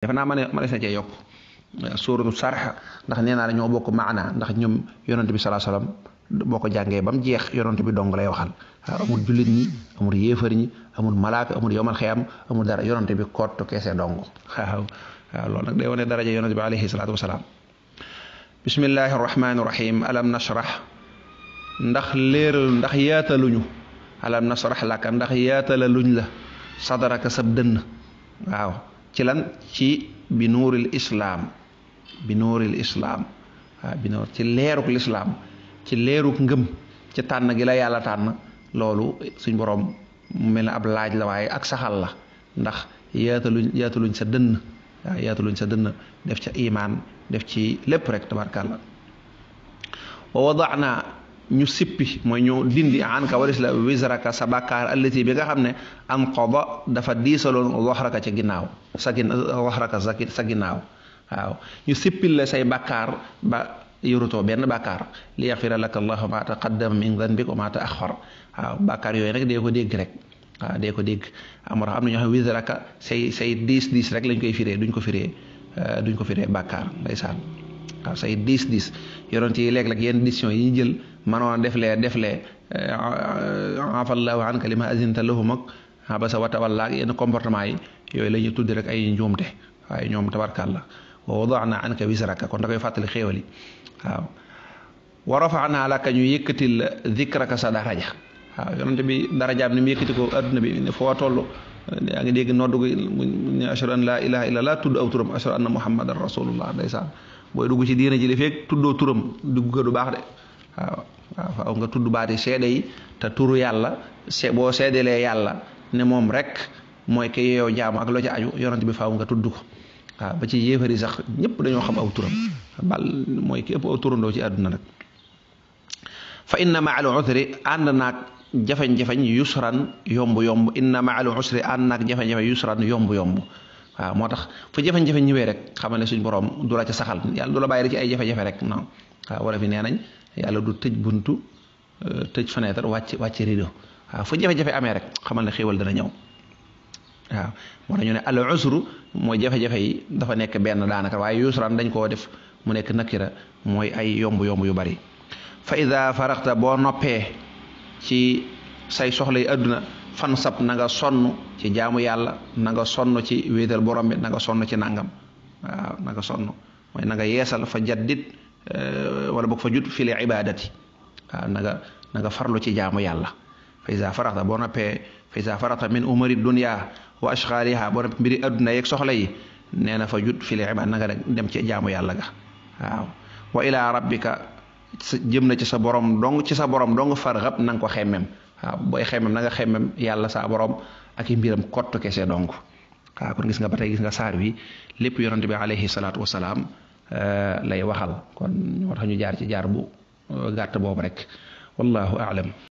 defe naa ma ne ma des na cee yokk suuratu sarx ndax nee naa la bokk maana ndax ñoom yonent bi salaa salaam boo ko jàngee ba mu jeex yonent bi dong lay waxal ah, amul jullit ñi amul yéefar ñi amul malaaka amul yomal xeyam amul dara bi kottu keese dong waaw waaw loolu nag day wane daraja yonent bi alayhi salaatu wasalaam bismillahi rahmaani rahim alam nashrah ndax léeral ndax yaataluñu alam nashrah laka ndax yaatala luñ la sadaraka sab dënn waaw ci lan ci bi nuuril islaam bi nuuril islaam waaw bi ci leeruk lislaam ci leeruk ngëm ci tànn gi la yàlla tànn loolu suñ boroom mu mel ne ab laaj la waaye ak saxal la ndax yaataluñ yaataluñ sa dënn waaw yaataluñ sa dënn def ca imaan def ci lépp rek tabarkàlla wa wadaana ñu sippi mooy ñu dindi anka waris la wisraka sa bàkkaar allati bi nga xam ne an qada dafa diisaloon waxraka ca ginnaaw sa gin waxraka sa ginnaaw waaw ñu sippil la say bakkaar ba yorutoo benn bàkkaar li yaxfira laka allahu ma taqaddama min danbik wa ma taaxar waaw bàkkaar yooyu rek dee ko dégg rek waaw dee ko dégg am na ñoo xam ne wisraka say say diis diis rek lañ koy fiire duñ ko firee euh, duñ ko firee bàkkaar ndeysaan waaw say diis diis yoroon ci léeg-léeg yenn décision yi jël manoon a deflee deflee eh, afallahu anka lima azinta lahum ak abasa wa tawalla ak yenn comportement yi yooyu la ñuy tudd rek ay njuumte waaye ñoom tabarkàlla wa wadaana anka wisraka kon da fàttali xéewal yi waaw wa rafaana laka ñu yëkkatil dikraka sa daraja waaw yonent bi darajaam ni mu yëkkati ko adduna bi foo toll yaa ngi dégg noddu gi ashhadu an laa ilaaha tudd aw turam ashhadu anna muhammadan rasulullah ndeysaan booy dugg ci diina ji li tuddoo turam dugg ko du baax de waaw waaw nga tudd baati seede yi te turu yàlla se boo seedelee yàlla ne moom rek mooy ke yeew jaamu ak loo ci aju yonent bi faaw nga tudd ba ci yéefari sax ñëpp dañoo xam aw turam bal mooy ki ëpp aw turandoo ci àdduna nag fa inna ma al usri ànd naag jafe-jafe yomb yomb inna ma al usri ànd naag jafe yusran yomb yomb waa moo tax fu jafe-jafe ñëwee rek xamal ne suñ borom du la ca saxal yàlla du la bàyyi rek ci ay jafe-jafe rek non waaw wala fi nee nañ yàlla du tëj buntu euh, tëj fenêtre wàcc wàcc rido fu jafe-jafe amee rek xamal ne xéewal dana ñëw waaw moo tax ñu ne al usru mooy jafe-jafe yi dafa nekk benn daanaka waaye yusran dañ koo def mu nekk nakira mooy ay yomb yomb yu bari fa ida faraxta boo noppee ci say soxla yi àdduna fan sab nanga nga sonn ci jaamu yàlla na nga sonn ci wéetal borom bi nanga nga sonn ci nangam waaw na nga sonn mooy yeesal fa jaddit euh, wala boog fa jut file ibadati waaw na nga na nga farlu ci jaamu yàlla fa isa boo noppee fa isa faraxta min umari dunya wa ashxaaliha boo noppee mbiri yi nee na fa jut file ibada na dem ci jaamu yàlla ga wa ila rabbika jëm na ci sa borom dong ci sa borom dong farxab na ko xemmem waaw booy xemem na nga xemem yàlla saa borom ak i mbiram kott kese donc waaw kon gis nga ba tey gis nga saar wi lépp yonante bi alayhi salaatu wasalaam euh, lay waxal kon moo tax ñu jaar ci jaar bu euh, gàtt boobu rek wallahu aalam